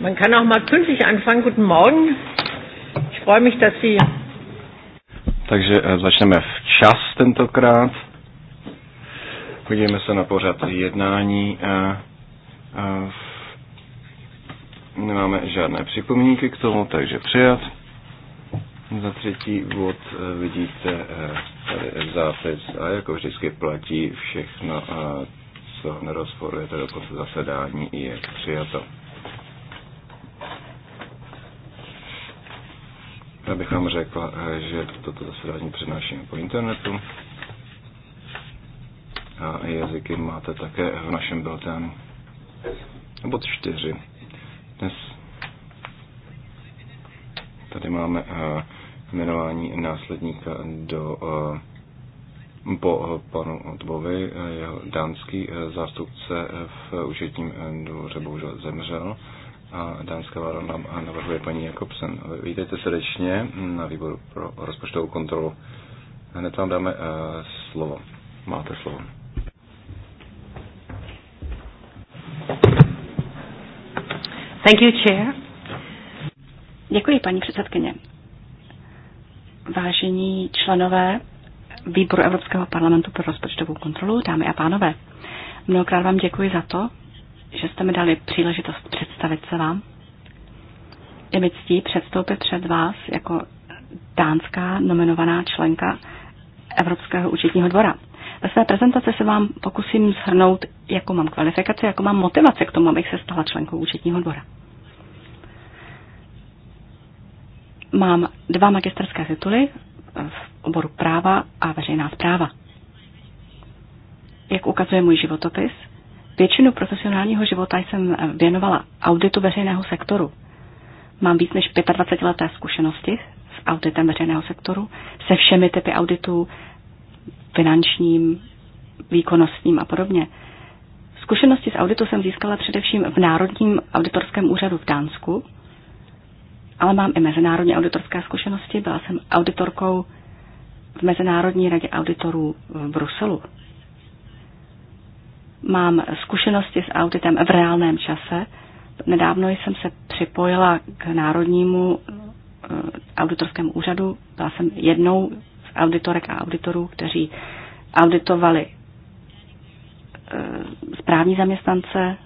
Man kann auch mal pünktlich anfangen. Guten Morgen. Ich freue mich, dass Sie. Takže eh, začneme včas tentokrát. Podívejme se na pořad jednání. Eh, eh, nemáme žádné připomínky k tomu, takže přijat. Za třetí bod vidíte tady zápis a jako vždycky platí všechno co nerozporuje, to dokonce zasedání, i je přijato. Já bych vám řekla, že toto zasedání přenášíme po internetu a jazyky máte také v našem bilténu. Bod 4. Dnes tady máme eh, jmenování následníka do eh, po panu Otbovi, jeho dánský eh, zástupce eh, v účetním eh, dvoře bohužel zemřel a dánská vláda nám navrhuje paní Jakobsen. Vítejte srdečně na výboru pro rozpočtovou kontrolu. Hned vám dáme slovo. Máte slovo. Thank you, chair. Děkuji, paní předsedkyně. Vážení členové výboru Evropského parlamentu pro rozpočtovou kontrolu, dámy a pánové. Mnohokrát vám děkuji za to, že jste mi dali příležitost představit se vám. Je mi ctí předstoupit před vás jako dánská nominovaná členka Evropského účetního dvora. Ve své prezentaci se vám pokusím shrnout, jakou mám kvalifikaci, jakou mám motivaci k tomu, abych se stala členkou účetního dvora. Mám dva magisterské tituly oboru práva a veřejná zpráva. Jak ukazuje můj životopis, většinu profesionálního života jsem věnovala auditu veřejného sektoru. Mám víc než 25 leté zkušenosti s auditem veřejného sektoru, se všemi typy auditů, finančním, výkonnostním a podobně. Zkušenosti s auditu jsem získala především v Národním auditorském úřadu v Dánsku, ale mám i mezinárodní auditorské zkušenosti. Byla jsem auditorkou v Mezinárodní radě auditorů v Bruselu. Mám zkušenosti s auditem v reálném čase. Nedávno jsem se připojila k Národnímu eh, auditorskému úřadu. Byla jsem jednou z auditorek a auditorů, kteří auditovali eh, správní zaměstnance.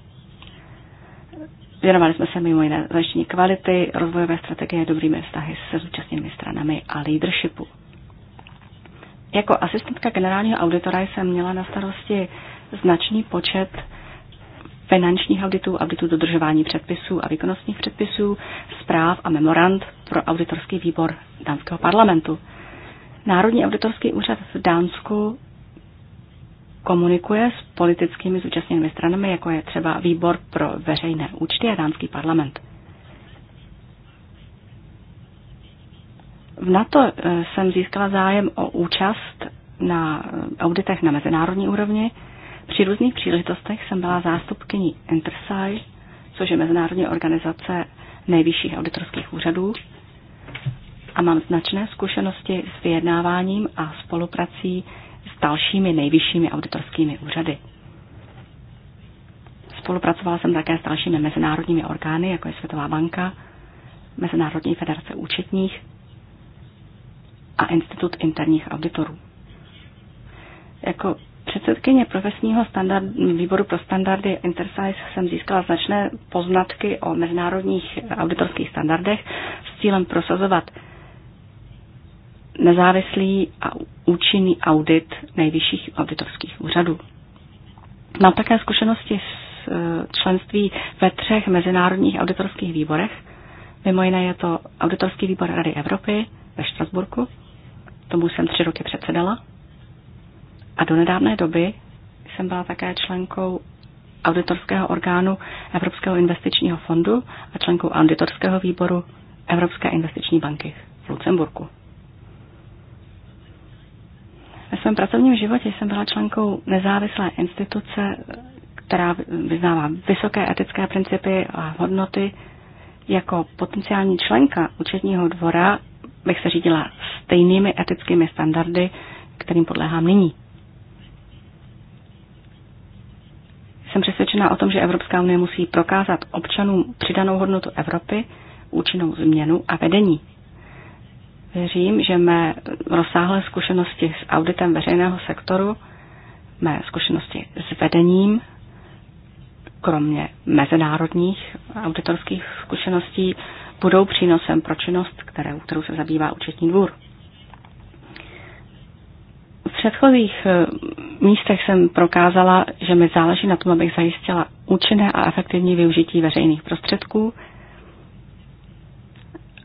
Věnovali jsme se mimo jiné zajištění kvality, rozvojové strategie, dobrými vztahy se zúčastněnými stranami a leadershipu. Jako asistentka generálního auditora jsem měla na starosti značný počet finančních auditů, auditů dodržování předpisů a výkonnostních předpisů, zpráv a memorand pro auditorský výbor dánského parlamentu. Národní auditorský úřad v Dánsku komunikuje s politickými zúčastněnými stranami, jako je třeba výbor pro veřejné účty a dánský parlament. V NATO eh, jsem získala zájem o účast na eh, auditech na mezinárodní úrovni. Při různých příležitostech jsem byla zástupkyní Intersai, což je mezinárodní organizace nejvyšších auditorských úřadů a mám značné zkušenosti s vyjednáváním a spoluprací s dalšími nejvyššími auditorskými úřady. Spolupracovala jsem také s dalšími mezinárodními orgány, jako je Světová banka, Mezinárodní federace účetních a Institut interních auditorů. Jako předsedkyně profesního standard, výboru pro standardy InterSize jsem získala značné poznatky o mezinárodních auditorských standardech s cílem prosazovat nezávislý a účinný audit nejvyšších auditorských úřadů. Mám také zkušenosti s e, členství ve třech mezinárodních auditorských výborech. Mimo jiné je to Auditorský výbor Rady Evropy ve Štrasburku, Tomu jsem tři roky předsedala. A do nedávné doby jsem byla také členkou auditorského orgánu Evropského investičního fondu a členkou auditorského výboru Evropské investiční banky v Lucemburku. Ve svém pracovním životě jsem byla členkou nezávislé instituce, která vyznává vysoké etické principy a hodnoty. Jako potenciální členka účetního dvora bych se řídila stejnými etickými standardy, kterým podléhám nyní. Jsem přesvědčená o tom, že Evropská unie musí prokázat občanům přidanou hodnotu Evropy, účinnou změnu a vedení. Věřím, že mé rozsáhlé zkušenosti s auditem veřejného sektoru, mé zkušenosti s vedením, kromě mezinárodních auditorských zkušeností, budou přínosem pro činnost, kterou, kterou se zabývá účetní dvůr. V předchozích eh, místech jsem prokázala, že mi záleží na tom, abych zajistila účinné a efektivní využití veřejných prostředků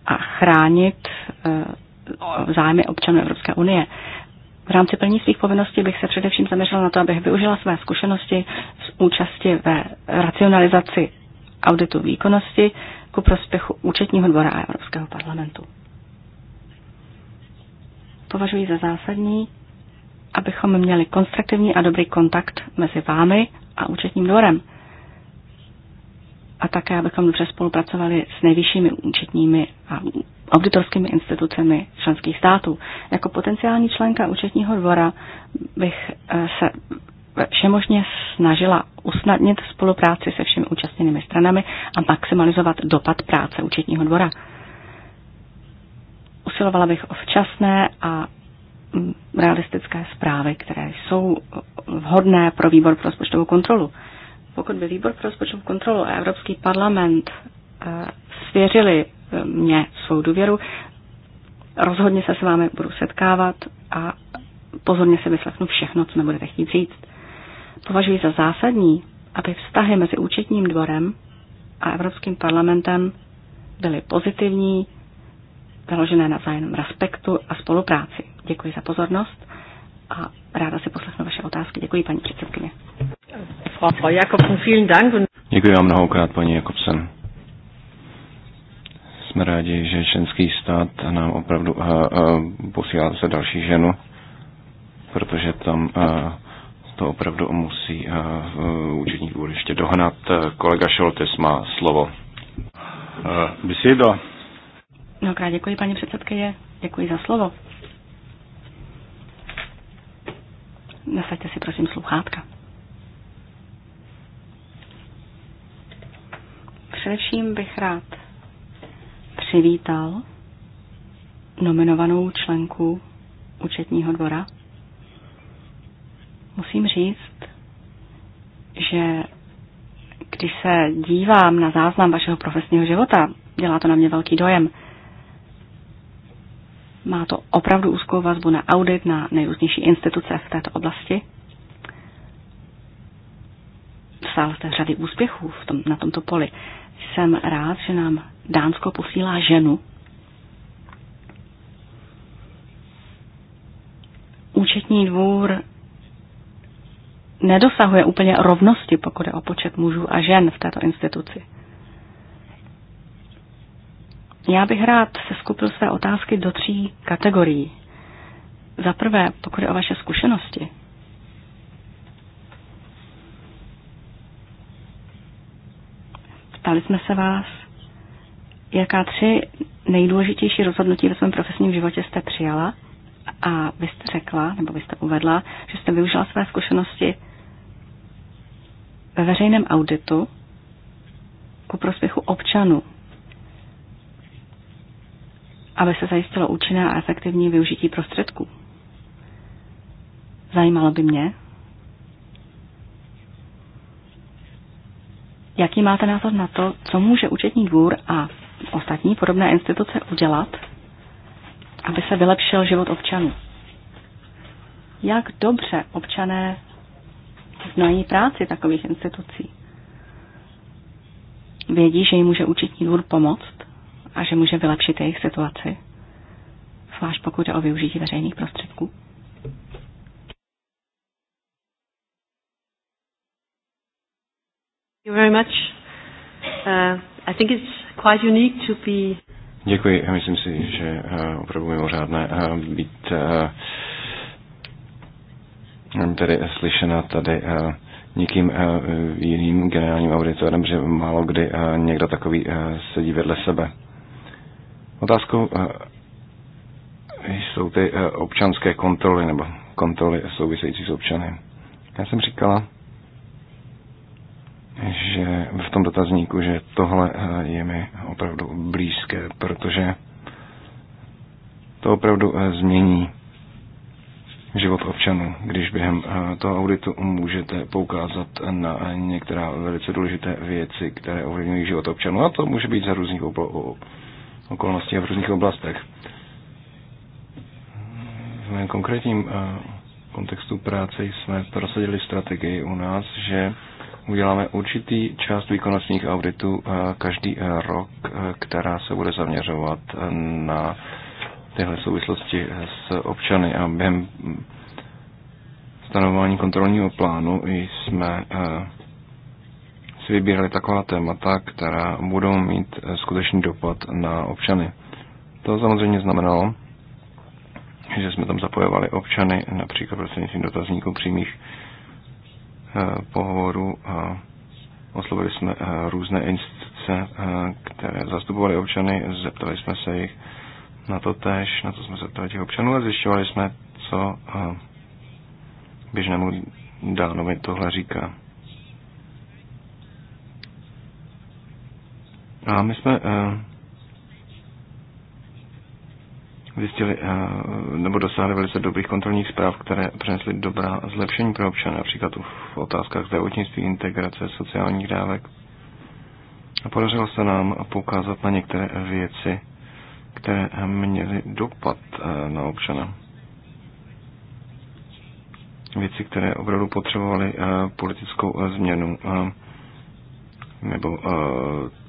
a chránit eh, zájmy občanů Evropské unie. V rámci plní svých povinností bych se především zaměřila na to, abych využila své zkušenosti z účasti ve racionalizaci auditu výkonnosti ku prospěchu účetního dvora a Evropského parlamentu. Považuji za zásadní, abychom měli konstruktivní a dobrý kontakt mezi vámi a účetním dvorem. A také, abychom dobře spolupracovali s nejvyššími účetními a auditorskými institucemi členských států. Jako potenciální členka účetního dvora bych eh, se všemožně snažila usnadnit spolupráci se všemi účastněnými stranami a maximalizovat dopad práce účetního dvora. Usilovala bych o včasné a mm, realistické zprávy, které jsou vhodné pro výbor pro rozpočtovou kontrolu. Pokud by výbor pro rozpočtovou kontrolu a Evropský parlament e, svěřili e, mě svou důvěru, rozhodně se s vámi budu setkávat a pozorně si vyslechnu všechno, co mi budete chtít říct. Považuji za zásadní, aby vztahy mezi účetním dvorem a Evropským parlamentem byly pozitivní, založené na vzájemném respektu a spolupráci. Děkuji za pozornost a ráda si poslechnu vaše otázky. Děkuji, paní předsedkyně. Děkuji vám mnohokrát, paní Jakobsen. Jsme rádi, že členský stát nám opravdu uh, uh, posílá se další ženu, protože tam uh, to opravdu musí eh, eh, účetní dvůr ještě dohnat. Kolega Šoltes má slovo. Eh, besedo. krát děkuji, paní předsedkyně. Děkuji za slovo. Nasaďte si prosím sluchátka. Především bych rád přivítal nominovanou členku účetního dvora, Musím říct, že když se dívám na záznam vašeho profesního života, dělá to na mě velký dojem. Má to opravdu úzkou vazbu na audit, na nejrůznější instituce v této oblasti. Psal jste řady úspěchů v tom, na tomto poli. Jsem rád, že nám Dánsko posílá ženu. Účetní dvůr nedosahuje úplně rovnosti, pokud je o počet mužů a žen v této instituci. Já bych rád se skupil své otázky do tří kategorií. Za prvé, pokud je o vaše zkušenosti. Ptali jsme se vás, jaká tři nejdůležitější rozhodnutí ve svém profesním životě jste přijala a vy jste řekla, nebo vy jste uvedla, že jste využila své zkušenosti ve veřejném auditu ku prospěchu občanů, aby se zajistilo účinné a efektivní využití prostředků. Zajímalo by mě, jaký máte názor na to, co může účetní dvůr a ostatní podobné instituce udělat, aby se vylepšil život občanů. Jak dobře občané snadnají práci takových institucí. Vědí, že jim může účetní dvůr pomoct a že může vylepšit jejich situaci, zvlášť pokud je o využití veřejných prostředků. Uh, Děkuji, myslím si, že uh, opravdu mimořádné uh, být tedy slyšena tady eh, nikým eh, jiným generálním auditorem, že málo kdy eh, někdo takový sedí vedle sebe. Otázkou jsou ty občanské kontroly nebo kontroly související s občany. Já jsem říkala, že v tom dotazníku, že tohle je mi opravdu blízké, protože to opravdu změní život občanů, když během eh, toho auditu můžete poukázat na některá velice důležité věci, které ovlivňují život občanů. A to může být za různých okolností a v různých oblastech. V mém konkrétním eh, kontextu práce jsme prosadili strategii u nás, že uděláme určitý část výkonnostních auditů eh, každý rok, která se bude zaměřovat na téhle souvislosti eh, s občany a během stanovování kontrolního plánu jsme eh, si vybírali taková témata, která budou mít eh, skutečný dopad na občany. To samozřejmě znamenalo, že jsme tam zapojovali občany, například prostřednictvím dotazníků přímých pohovorů a oslovili jsme různé instituce, které zastupovaly občany, zeptali jsme se jich na to tež, na to jsme se ptali těch občanů a zjišťovali jsme, co eh, běžnému dánovi tohle říká. A my jsme eh, zjistili, eh, nebo dosáhli velice dobrých kontrolních zpráv, které přinesly dobrá zlepšení pro občany, například v otázkách zdravotnictví, integrace, sociálních dávek. A podařilo se nám poukázat na některé věci, které měly dopad eh, na občana. Věci, které opravdu potřebovaly eh, politickou eh, změnu nebo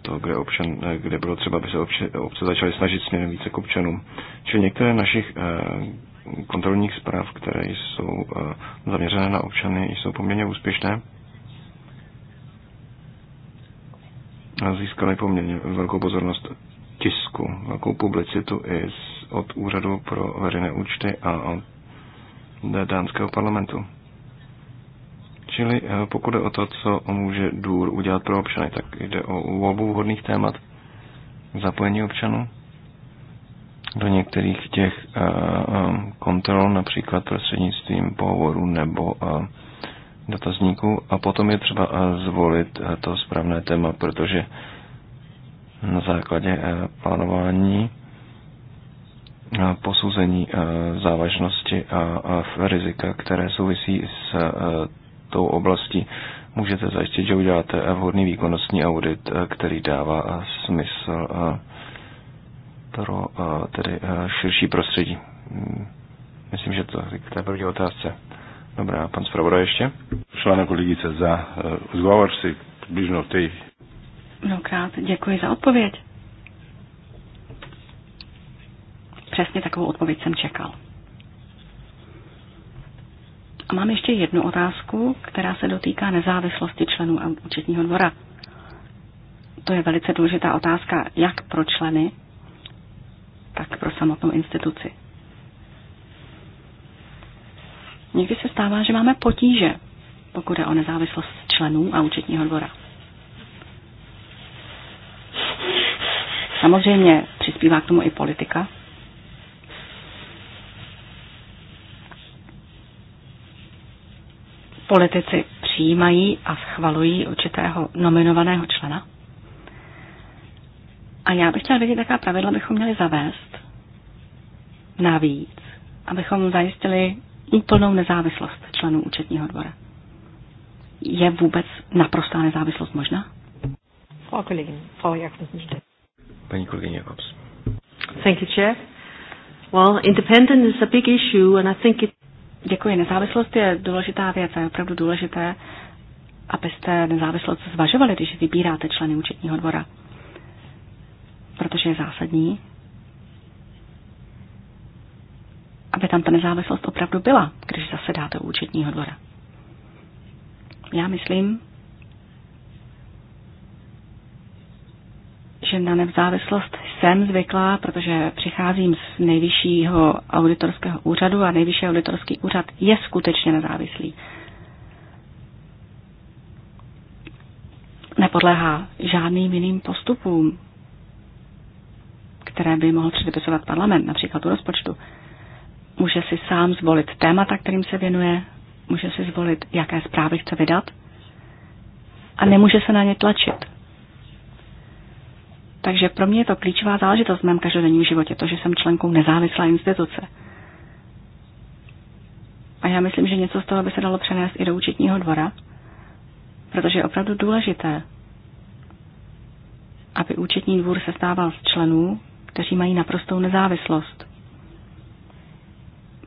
to, kde, občan, kde bylo třeba, aby se obce začaly snažit směrem více k občanům. Čili některé našich kontrolních zpráv, které jsou zaměřené na občany, jsou poměrně úspěšné. Získaly poměrně velkou pozornost tisku, velkou publicitu i z, od Úřadu pro veřejné účty a od dánského parlamentu. Čili eh, pokud je o to, co může důr udělat pro občany, tak jde o volbu vhodných témat, zapojení občanů do některých těch eh, eh, kontrol, například prostřednictvím pohovoru nebo dotazníků a potom je třeba zvolit to správné téma, protože na základě eh, plánování eh, posouzení eh, závažnosti a rizika, které souvisí s tou oblastí. Můžete zajistit, že uděláte vhodný výkonnostní audit, který dává smysl pro tedy širší prostředí. Hmm, myslím, že to je k první otázce. Dobrá, pan zpravodaj ještě. Šlána kolegice za zgovor si přibližno v té Mnohokrát děkuji za odpověď. Přesně takovou odpověď jsem čekal. A mám ještě jednu otázku, která se dotýká nezávislosti členů a účetního dvora. To je velice důležitá otázka jak pro členy, tak pro samotnou instituci. Někdy se stává, že máme potíže, pokud je o nezávislost členů a účetního dvora. Samozřejmě přispívá k tomu i politika. Politici přijímají a schvalují určitého nominovaného člena. A já bych chtěla vědět, jaká pravidla bychom měli zavést navíc, abychom zajistili úplnou nezávislost členů účetního dvora. Je vůbec naprostá nezávislost možná? Frau Kollegin, Frau Jakobsen paní kolegyně Jakobs. Thank you, Chair. Well, independence is a big issue and I think it... Děkuji. Nezávislost je důležitá věc a je opravdu důležité, abyste nezávislost zvažovali, když vybíráte členy účetního dvora. Protože je zásadní, aby tam ta nezávislost opravdu byla, když zasedáte u účetního dvora. Já myslím, že na nezávislost jsem zvyklá, protože přicházím z nejvyššího auditorského úřadu a nejvyšší auditorský úřad je skutečně nezávislý. Nepodléhá žádným jiným postupům, které by mohl předepisovat parlament, například u rozpočtu. Může si sám zvolit témata, kterým se věnuje, může si zvolit, jaké zprávy chce vydat a nemůže se na ně tlačit takže pro mě je to klíčová záležitost v mém každodenním životě, to, že jsem členkou nezávislé instituce. A já myslím, že něco z toho by se dalo přenést i do účetního dvora, protože je opravdu důležité, aby účetní dvůr se stával z členů, kteří mají naprostou nezávislost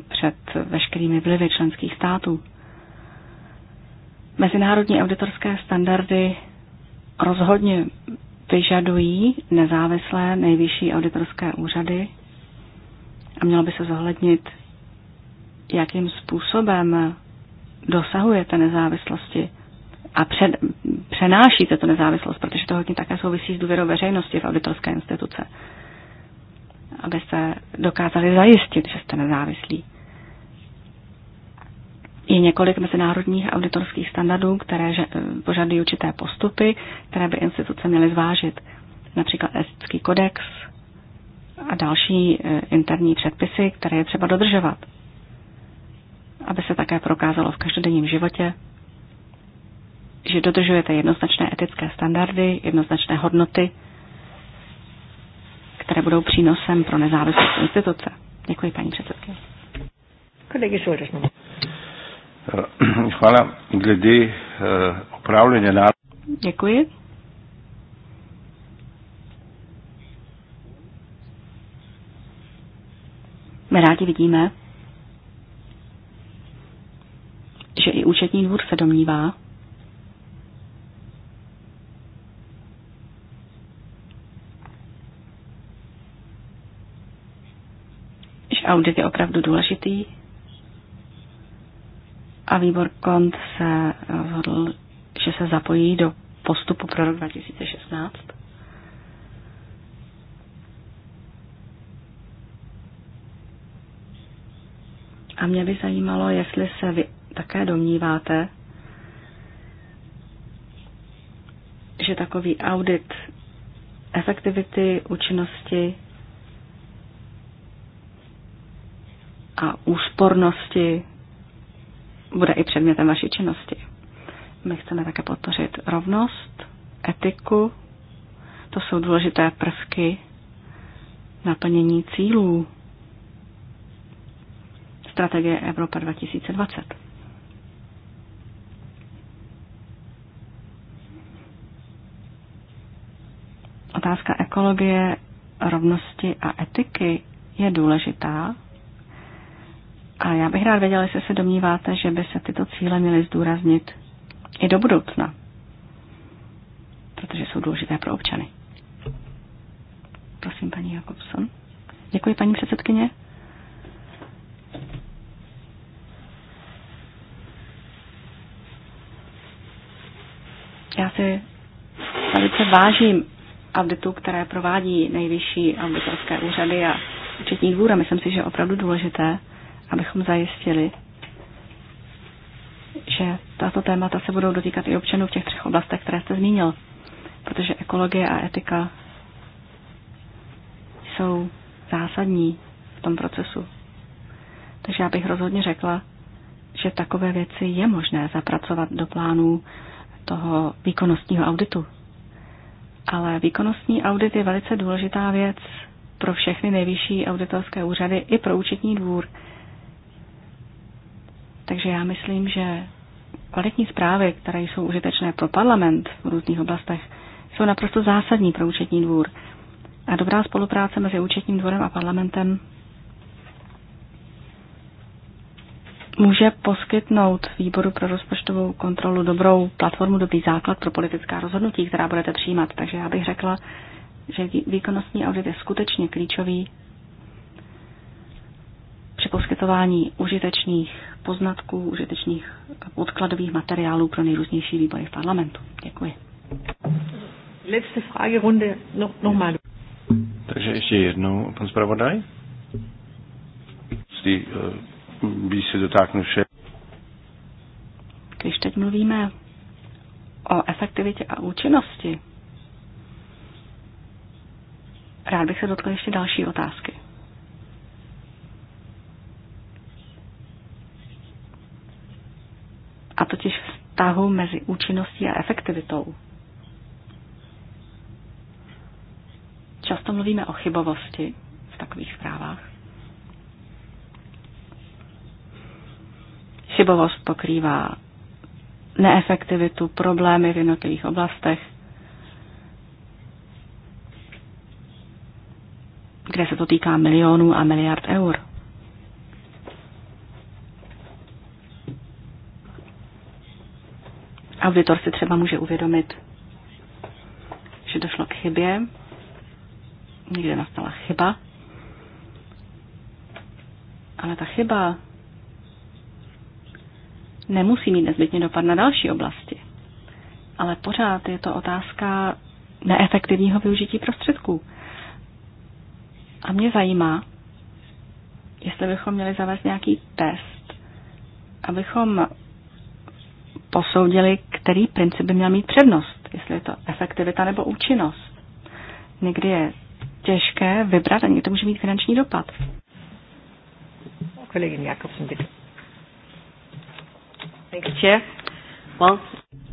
před veškerými vlivy členských států. Mezinárodní auditorské standardy rozhodně vyžadují nezávislé nejvyšší auditorské úřady a mělo by se zohlednit, jakým způsobem dosahujete nezávislosti a před, přenášíte tu nezávislost, protože to hodně také souvisí s důvěrou veřejnosti v auditorské instituce, abyste dokázali zajistit, že jste nezávislí je několik mezinárodních auditorských standardů, které požadují určité postupy, které by instituce měly zvážit. Například etický kodex a další e, interní předpisy, které je třeba dodržovat, aby se také prokázalo v každodenním životě, že dodržujete jednoznačné etické standardy, jednoznačné hodnoty, které budou přínosem pro nezávislost instituce. Děkuji, paní předsedkyně. Kolegy Eh, hvala. Glede upravljanja eh, na... Děkuji. My rádi vidíme, že i účetní dvůr se domnívá, že audit je opravdu důležitý a výbor KONT se rozhodl, že se zapojí do postupu pro rok 2016. A mě by zajímalo, jestli se vy také domníváte, že takový audit efektivity, účinnosti a úspornosti bude i předmětem vaší činnosti. My chceme také podpořit rovnost, etiku. To jsou důležité prvky naplnění cílů strategie Evropa 2020. Otázka ekologie, rovnosti a etiky je důležitá a já bych rád věděla, jestli se domníváte, že by se tyto cíle měly zdůraznit i do budoucna, protože jsou důležité pro občany. Prosím, paní Jakobson. Děkuji, paní předsedkyně. Já si velice vážím auditu, které provádí nejvyšší auditorské úřady a účetní dvůr a myslím si, že je opravdu důležité, abychom zajistili, že tato témata se budou dotýkat i občanů v těch třech oblastech, které jste zmínil. Protože ekologie a etika jsou zásadní v tom procesu. Takže já bych rozhodně řekla, že takové věci je možné zapracovat do plánů toho výkonnostního auditu. Ale výkonnostní audit je velice důležitá věc pro všechny nejvyšší auditorské úřady i pro účetní dvůr, takže já myslím, že kvalitní zprávy, které jsou užitečné pro parlament v různých oblastech, jsou naprosto zásadní pro účetní dvůr. A dobrá spolupráce mezi účetním dvorem a parlamentem může poskytnout výboru pro rozpočtovou kontrolu dobrou platformu, dobrý základ pro politická rozhodnutí, která budete přijímat. Takže já bych řekla, že výkonnostní audit je skutečně klíčový při poskytování užitečných poznatků, užitečných podkladových materiálů pro nejrůznější výbory v parlamentu. Děkuji. Letzte Fragerunde no, nochmal. Takže ještě jednou, pan zpravodaj. Jestli eh, by se dotáknu vše. Když teď mluvíme o efektivitě a účinnosti, rád bych se dotkl ještě další otázky. vztahu mezi účinností a efektivitou. Často mluvíme o chybovosti v takových zprávách. Chybovost pokrývá neefektivitu, problémy v jednotlivých oblastech, kde se to týká milionů a miliard eur. Auditor si třeba může uvědomit, že došlo k chybě, někde nastala chyba, ale ta chyba nemusí mít nezbytně dopad na další oblasti. Ale pořád je to otázka neefektivního využití prostředků. A mě zajímá, jestli bychom měli zavést nějaký test, abychom posoudili, který princip by měl mít přednost, jestli je to efektivita nebo účinnost. Někdy je těžké vybrat a někdy to může mít finanční dopad.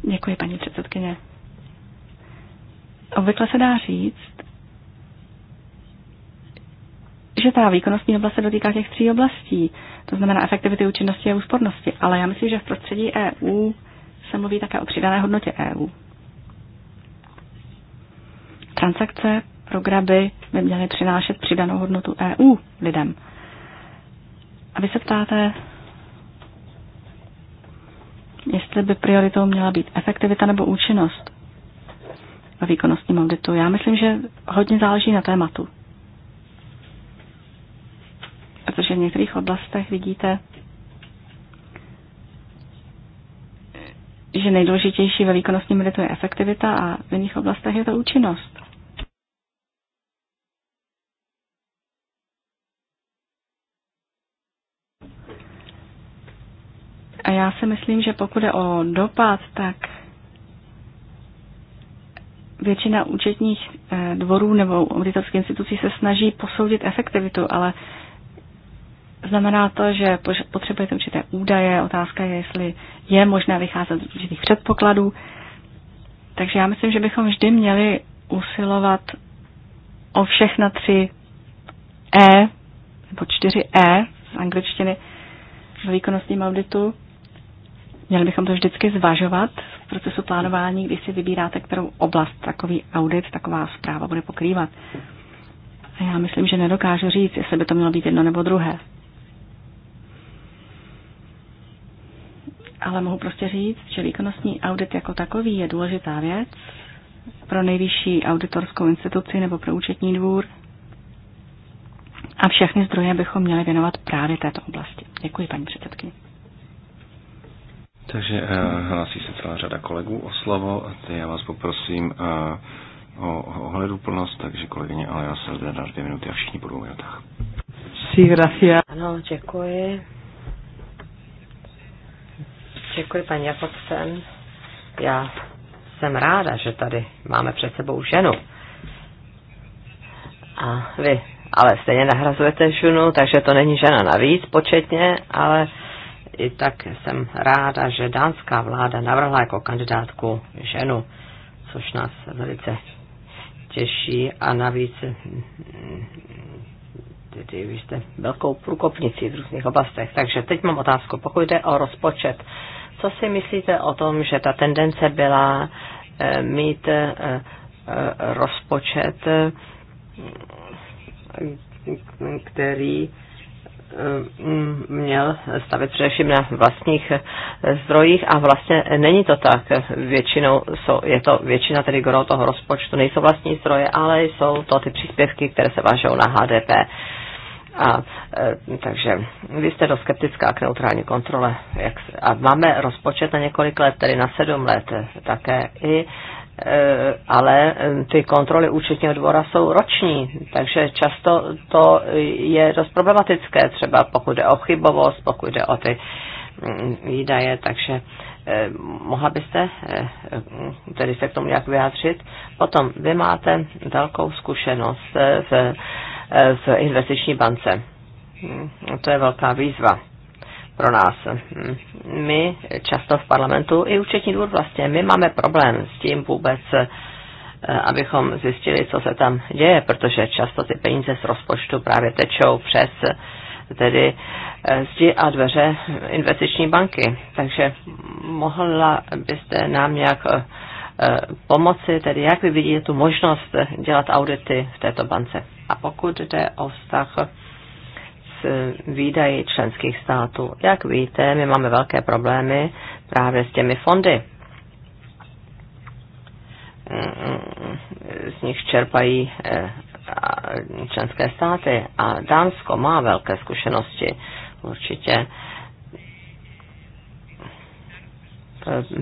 Děkuji, paní předsedkyně. Obvykle se dá říct, že ta výkonnostní oblast se dotýká těch tří oblastí, to znamená efektivity, účinnosti a úspornosti. Ale já myslím, že v prostředí EU se mluví také o přidané hodnotě EU. Transakce, programy by měly přinášet přidanou hodnotu EU lidem. A vy se ptáte, jestli by prioritou měla být efektivita nebo účinnost ve výkonnostním auditu. Já myslím, že hodně záleží na tématu. Protože v některých oblastech vidíte, že nejdůležitější ve výkonnostním meditu je efektivita a v jiných oblastech je to účinnost. A já si myslím, že pokud je o dopad, tak většina účetních eh, dvorů nebo auditorských institucí se snaží posoudit efektivitu, ale Znamená to, že potřebujete určité údaje, otázka je, jestli je možné vycházet z určitých předpokladů. Takže já myslím, že bychom vždy měli usilovat o všechna tři E, nebo čtyři E z angličtiny v výkonnostním auditu. Měli bychom to vždycky zvažovat v procesu plánování, když si vybíráte, kterou oblast takový audit, taková zpráva bude pokrývat. A já myslím, že nedokážu říct, jestli by to mělo být jedno nebo druhé. ale mohu prostě říct, že výkonnostní audit jako takový je důležitá věc pro nejvyšší auditorskou instituci nebo pro účetní dvůr. A všechny zdroje bychom měli věnovat právě této oblasti. Děkuji, paní předsedkyně. Takže uh, hlásí se celá řada kolegů o slovo. Ty já vás poprosím uh, o ohledu plnost, takže kolegyně se zde dvě minuty a všichni budou v Sí, gracias. Ano, děkuji. Děkuji, paní Jakobsen. Já jsem ráda, že tady máme před sebou ženu. A vy ale stejně nahrazujete ženu, takže to není žena navíc početně, ale i tak jsem ráda, že dánská vláda navrhla jako kandidátku ženu, což nás velice těší a navíc tedy vy jste velkou průkopnicí v různých oblastech. Takže teď mám otázku, pokud jde o rozpočet co si myslíte o tom, že ta tendence byla eh, mít eh, eh, rozpočet, který mm, měl stavit především na vlastních zdrojích a vlastně není to tak. Většinou jsou, je to většina tedy gro toho rozpočtu, nejsou vlastní zdroje, ale jsou to ty příspěvky, které se vážou na HDP. A, e, takže vy jste dost skeptická k neutrální kontrole. Jak, a máme rozpočet na několik let, tedy na sedm let e, také i e, ale ty kontroly účetního dvora jsou roční, takže často to je dost problematické, třeba pokud jde o chybovost, pokud jde o ty mm, výdaje, takže mohla byste tedy se k tomu nějak vyjádřit. Potom vy máte velkou zkušenost se v investiční bance. Hmm, to je velká výzva pro nás. Hmm, my často v parlamentu, i účetní dvůr vlastně, my máme problém s tím vůbec, eh, abychom zjistili, co se tam děje, protože často ty peníze z rozpočtu právě tečou přes eh, tedy eh, zdi a dveře investiční banky. Takže mohla byste nám nějak pomoci, tedy jak vy vidíte tu možnost dělat audity v této bance? A pokud jde o vztah s výdaji členských států, jak víte, my máme velké problémy právě s těmi fondy. Z nich čerpají eh, členské státy a Dánsko má velké zkušenosti určitě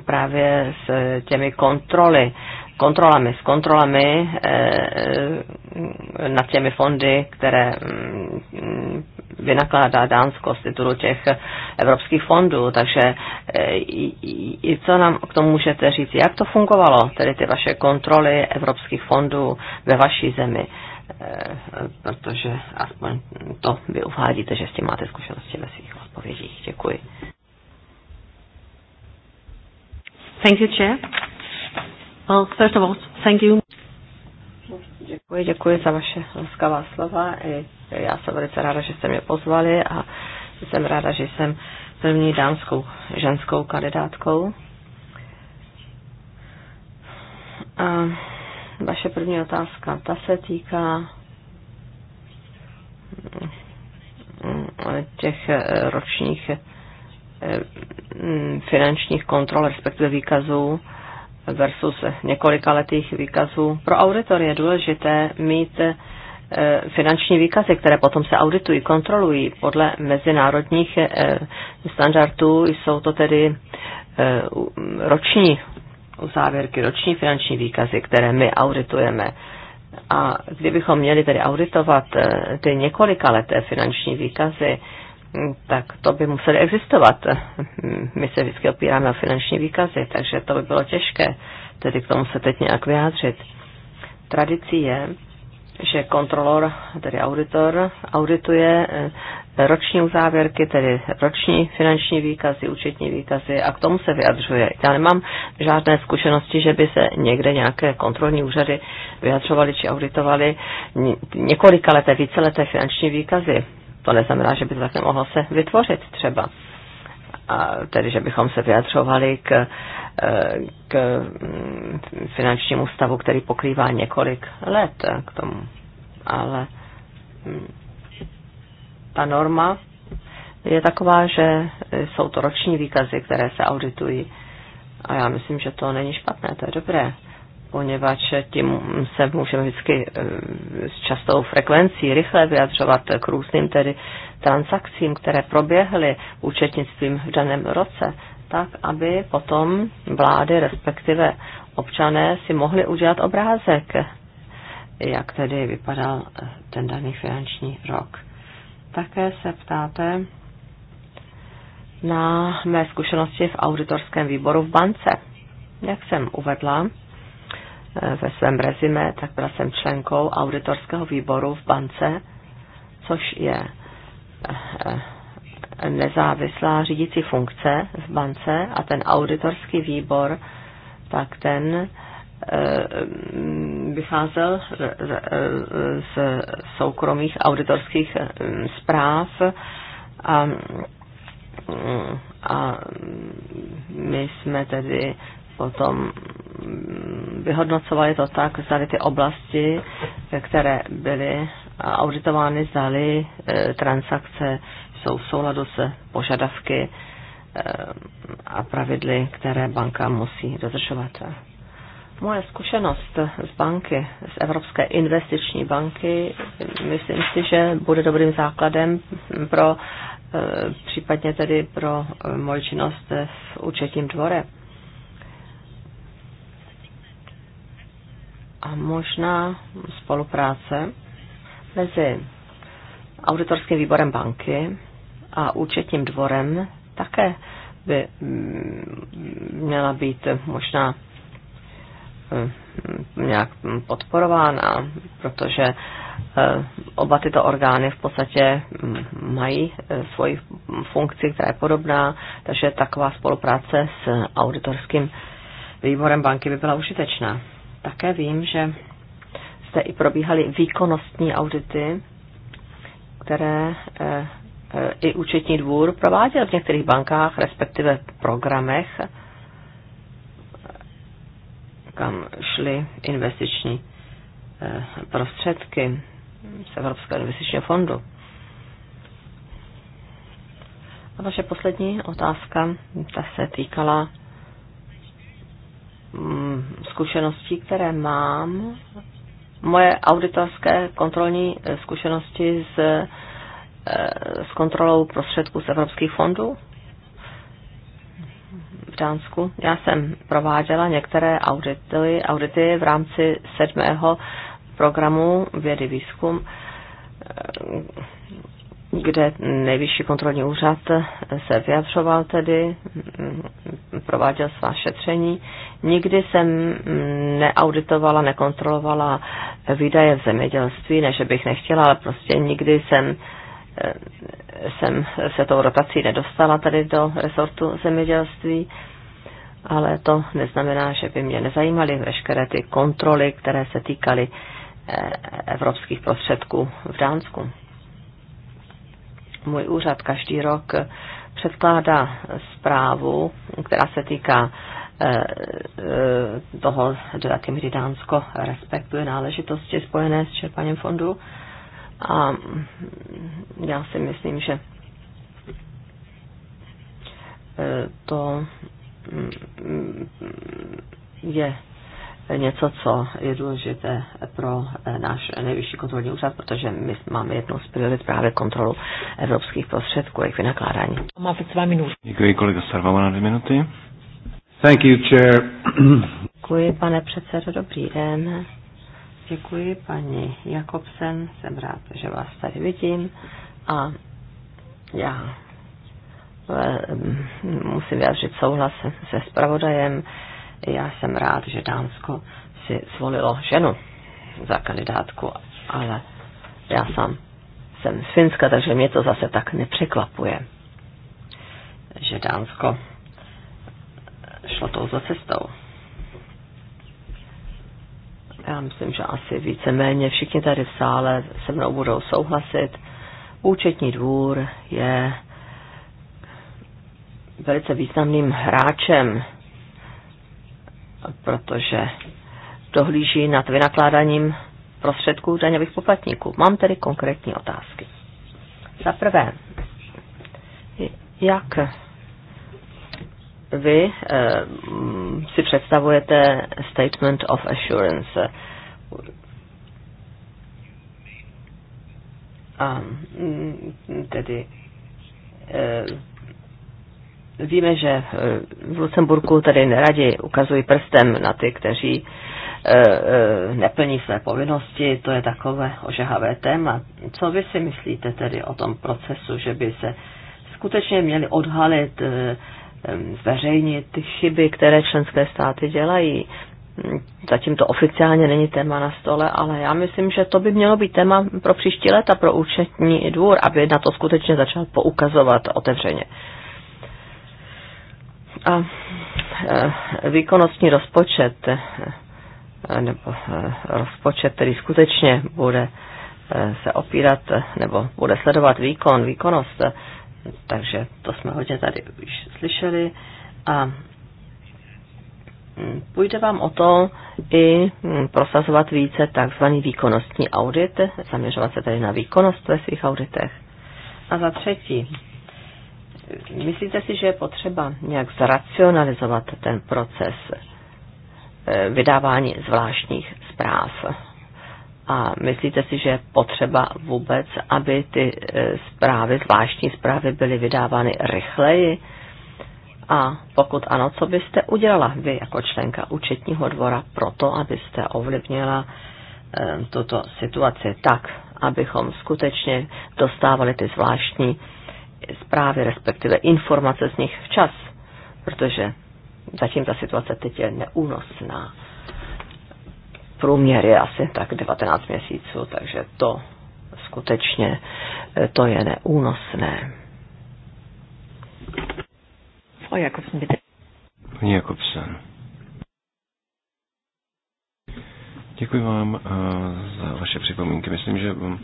právě s těmi kontroly kontrolami, s kontrolami eh, eh, nad těmi fondy, které mm, mm, vynakládá Dánsko z titulu těch evropských fondů. Takže eh, co nám k tomu můžete říct? Jak to fungovalo, tedy ty vaše kontroly evropských fondů ve vaší zemi? Protože aspoň to vy uvádíte, že s tím máte zkušenosti ve svých odpovědích. Děkuji. Thank you, Chair. Well, first of all, thank you. Děkuji, děkuji za vaše laskavá slova. I já jsem velice ráda, že jste mě pozvali a jsem ráda, že jsem první dámskou ženskou kandidátkou. A vaše první otázka, ta se týká mm, těch eh, ročních eh, mm, finančních kontrol, respektive výkazů versus několika letých výkazů. Pro auditory je důležité mít e, finanční výkazy, které potom se auditují, kontrolují podle mezinárodních e, standardů, jsou to tedy e, roční uzávěrky, roční finanční výkazy, které my auditujeme. A kdybychom měli tedy auditovat ty několika leté finanční výkazy, Hm, tak to by museli existovat. My se vždycky opíráme o finanční výkazy, takže to by bylo těžké, tedy k tomu se teď nějak vyjádřit. Tradicí je, že kontrolor, tedy auditor, audituje eh, roční uzávěrky, tedy roční finanční výkazy, účetní výkazy a k tomu se vyjadřuje. Já nemám žádné zkušenosti, že by se někde nějaké kontrolní úřady vyjadřovaly či auditovaly několika leté, leté finanční výkazy to neznamená, že by to tak nemohlo se vytvořit třeba. A tedy, že bychom se vyjadřovali k, k finančnímu stavu, který pokrývá několik let k tomu. Ale ta norma je taková, že jsou to roční výkazy, které se auditují. A já myslím, že to není špatné, to je dobré poněvadž tím se můžeme vždycky eh, s častou frekvencí rychle vyjadřovat k různým tedy transakcím, které proběhly účetnictvím v daném roce, tak aby potom vlády, respektive občané, si mohli udělat obrázek, jak tedy vypadal eh, ten daný finanční rok. Také se ptáte na mé zkušenosti v auditorském výboru v bance. Jak jsem uvedla, Eh, ve svém rezime, tak byla jsem členkou auditorského výboru v bance, což je eh, nezávislá řídící funkce v bance a ten auditorský výbor, tak ten eh, vycházel z soukromých auditorských hm, zpráv a, hm, a my jsme tedy potom vyhodnocovali to tak, zdali ty oblasti, které byly auditovány, zdali e, transakce jsou v souladu se požadavky e, a pravidly, které banka musí dodržovat. Moje zkušenost z banky, z Evropské investiční banky, myslím si, že bude dobrým základem pro e, případně tedy pro moji činnost v účetním dvore. a možná spolupráce mezi auditorským výborem banky a účetním dvorem také by mm, měla být možná mm, nějak podporována, protože e, oba tyto orgány v podstatě mm, mají e, svoji funkci, která je podobná, takže taková spolupráce s auditorským výborem banky by byla užitečná také vím, že zde i probíhaly výkonnostní audity, které eh, eh, i účetní dvůr prováděl v některých bankách, respektive programech, kam šly investiční eh, prostředky z Evropského investičního fondu. A vaše poslední otázka, ta se týkala mm, zkušeností, které mám, moje auditorské kontrolní eh, zkušenosti s, eh, s kontrolou prostředků z evropských fondů v Dánsku. Já jsem prováděla některé audity, audity v rámci sedmého programu vědy výzkum, kde nejvyšší kontrolní úřad se vyjadřoval tedy, prováděl svá šetření. Nikdy jsem neauditovala, nekontrolovala výdaje v zemědělství, ne, že bych nechtěla, ale prostě nikdy jsem, jsem se tou rotací nedostala tady do resortu zemědělství. Ale to neznamená, že by mě nezajímaly veškeré ty kontroly, které se týkaly eh, evropských prostředků v Dánsku můj úřad každý rok předkládá zprávu, která se týká e, e, toho, do jaké míry Dánsko respektuje náležitosti spojené s čerpaním fondu. A já si myslím, že e, to mm, mm, je něco, co je důležité pro eh, náš nejvyšší kontrolní úřad, protože my máme jednu z priorit právě kontrolu evropských prostředků, jejich vynakládání. Máte dva minuty. Děkuji, kolega Sarvama na dvě minuty. Thank you, chair. Děkuji, pane předsedo, dobrý den. Děkuji, paní Jakobsen, jsem rád, že vás tady vidím. A já eh, musím vyjádřit souhlas se, se spravodajem já jsem rád, že Dánsko si zvolilo ženu za kandidátku, ale já sám jsem z Finska, takže mě to zase tak nepřekvapuje, že Dánsko šlo touto cestou. Já myslím, že asi víceméně všichni tady v sále se mnou budou souhlasit. Účetní dvůr je velice významným hráčem protože dohlíží nad vynakládaním prostředků daňových poplatníků. Mám tedy konkrétní otázky. Za prvé, jak vy eh, si představujete Statement of Assurance? A mm, tedy eh, víme, že eh, v Lucemburku tady neradi ukazují prstem na ty, kteří eh, eh, neplní své povinnosti, to je takové ožehavé téma. Co vy si myslíte tedy o tom procesu, že by se skutečně měli odhalit, zveřejnit ty chyby, které členské státy dělají? Zatím to oficiálně není téma na stole, ale já myslím, že to by mělo být téma pro příští léta, pro účetní dvůr, aby na to skutečně začal poukazovat otevřeně. A e, výkonnostní rozpočet, e, nebo e, rozpočet, který skutečně bude se opírat, nebo bude sledovat výkon, výkonnost, takže to jsme hodně tady už slyšeli. A půjde vám o to i prosazovat více takzvaný výkonnostní audit, zaměřovat se tady na výkonnost ve svých auditech. A za třetí, Myslíte si, že je potřeba nějak zracionalizovat ten proces eh, vydávání zvláštních zpráv? A myslíte si, že je potřeba vůbec, aby ty eh, zprávy, zvláštní zprávy byly vydávány rychleji? A pokud ano, co byste udělala vy jako členka účetního dvora pro to, abyste ovlivnila eh, tuto situaci tak, abychom skutečně dostávali ty zvláštní zprávy, respektive informace z nich včas, protože zatím ta situace teď je neúnosná. Průměr je asi tak 19 měsíců, takže to skutečně eh, to je neúnosné. O Jakobsen, byte. Paní Jakobsen. Děkuji vám eh, za vaše připomínky. Myslím, že hm,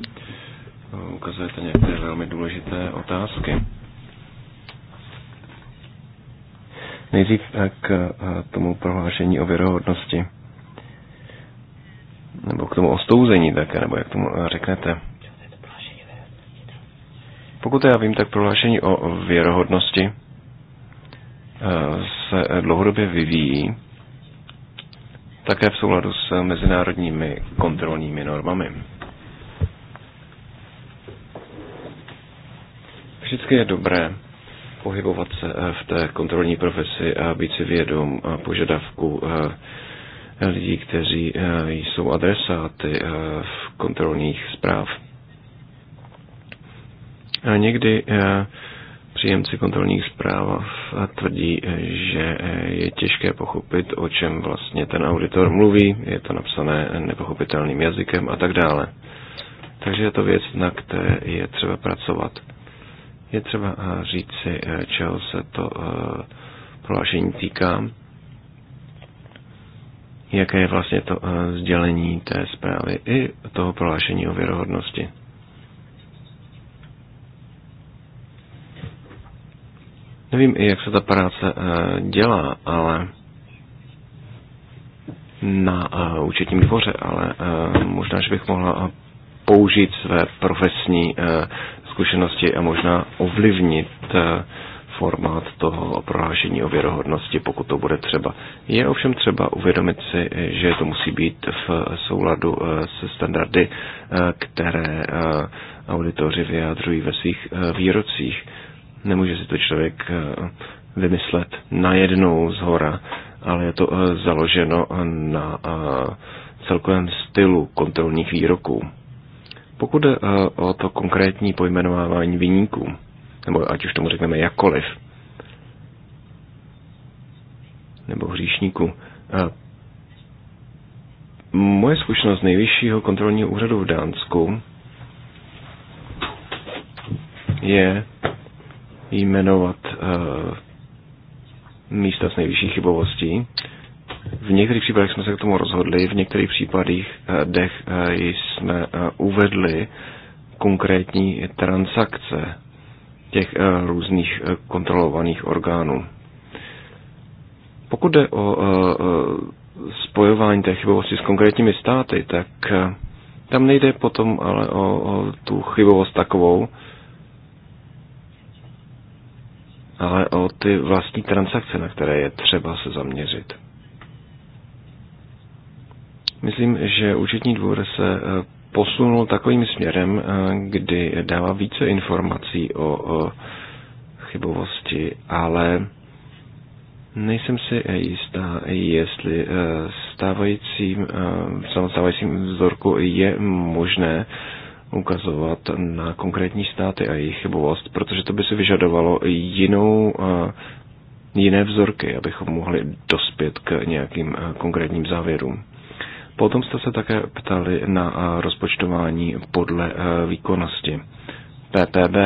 Eh, ukazujete některé velmi důležité otázky. Nejdřív eh, k eh, tomu prohlášení o věrohodnosti. Nebo k tomu ostouzení také, nebo jak tomu řeknete. Pokud já vím, tak prohlášení o věrohodnosti se dlouhodobě vyvíjí také v souladu s mezinárodními kontrolními normami. Vždycky je dobré pohybovat se eh, v té kontrolní profesi a být si vědom eh, požadavku eh, lidí, kteří jsou adresáty v kontrolních zpráv. A někdy příjemci kontrolních zpráv tvrdí, že je těžké pochopit, o čem vlastně ten auditor mluví, je to napsané nepochopitelným jazykem a tak dále. Takže je to věc, na které je třeba pracovat. Je třeba eh, říci, eh, čeho se to eh, prohlášení týká, jaké je vlastně to sdělení té zprávy i toho prohlášení o věrohodnosti. Nevím, jak se ta práce dělá, ale na účetním dvoře, ale možná, že bych mohla použít své profesní zkušenosti a možná ovlivnit eh, formát toho prohlášení o věrohodnosti, pokud to bude třeba. Je ovšem třeba uvědomit si, že to musí být v souladu eh, se standardy, eh, které auditoři vyjádřují ve svých výrocích. Nemůže si to člověk vymyslet najednou z hora, ale je to založeno na celkovém stylu kontrolních výroků. Pokud jde eh, o to konkrétní pojmenovávání vyníků, nebo ať už tomu řekneme jakkoliv, nebo hříšníků, eh, moje zkušenost nejvyššího kontrolního úřadu v Dánsku je jmenovat eh, místa s nejvyšší chybovostí v některých případech jsme se k tomu rozhodli, v některých případech eh, dech eh, jsme eh, uvedli konkrétní transakce těch různých kontrolovaných orgánů. Pokud jde o spojování té chybovosti s konkrétními státy, tak tam nejde potom ale o, o tu chybovost takovou, ale o ty vlastní transakce, na které je třeba se zaměřit. Myslím, že účetní dvůr se eh, posunul takovým směrem, eh, kdy dává více informací o chybovosti, ale nejsem si jistá, jestli eh, stávajícím, samostávajícím vzorku je možné ukazovat na konkrétní státy a jejich chybovost, protože to by se vyžadovalo jinou, jiné vzorky, abychom mohli dospět k nějakým konkrétním závěrům. Potom jste se také ptali na eh, rozpočtování podle eh, výkonnosti. PPB,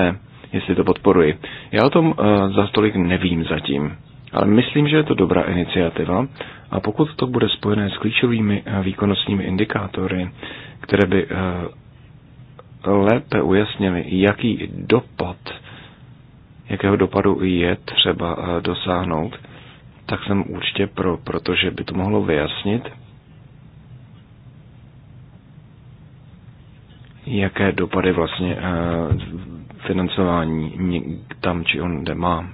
jestli to podporuji. Já o tom eh, za stolik nevím zatím, ale myslím, že je to dobrá iniciativa a pokud to bude spojené s klíčovými výkonnostními indikátory, které by lépe ujasnili, jaký dopad, jakého dopadu je třeba dosáhnout, tak jsem určitě pro, protože by to mohlo vyjasnit, jaké dopady vlastně eh, financování tam či onde má.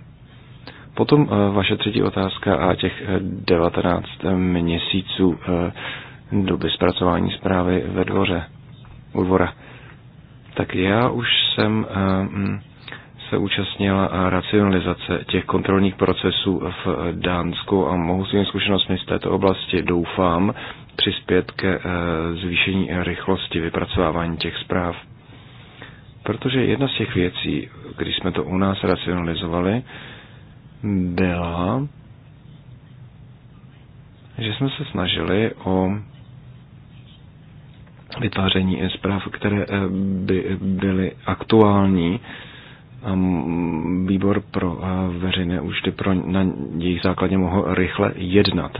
Potom eh, vaše třetí otázka a těch 19 eh, měsíců doby zpracování zprávy ve dvoře, u dvora. Tak já už jsem mm, se účastnila racionalizace těch kontrolních procesů v Dánsku a mohu svým zkušenostmi z této oblasti doufám přispět ke eh, zvýšení rychlosti vypracovávání těch zpráv. Protože jedna z těch věcí, když jsme to u nás racionalizovali, byla, že jsme se snažili o vytváření zpráv, které eh, by byly aktuální výbor pro veřejné účty pro, na jejich základě mohl rychle jednat.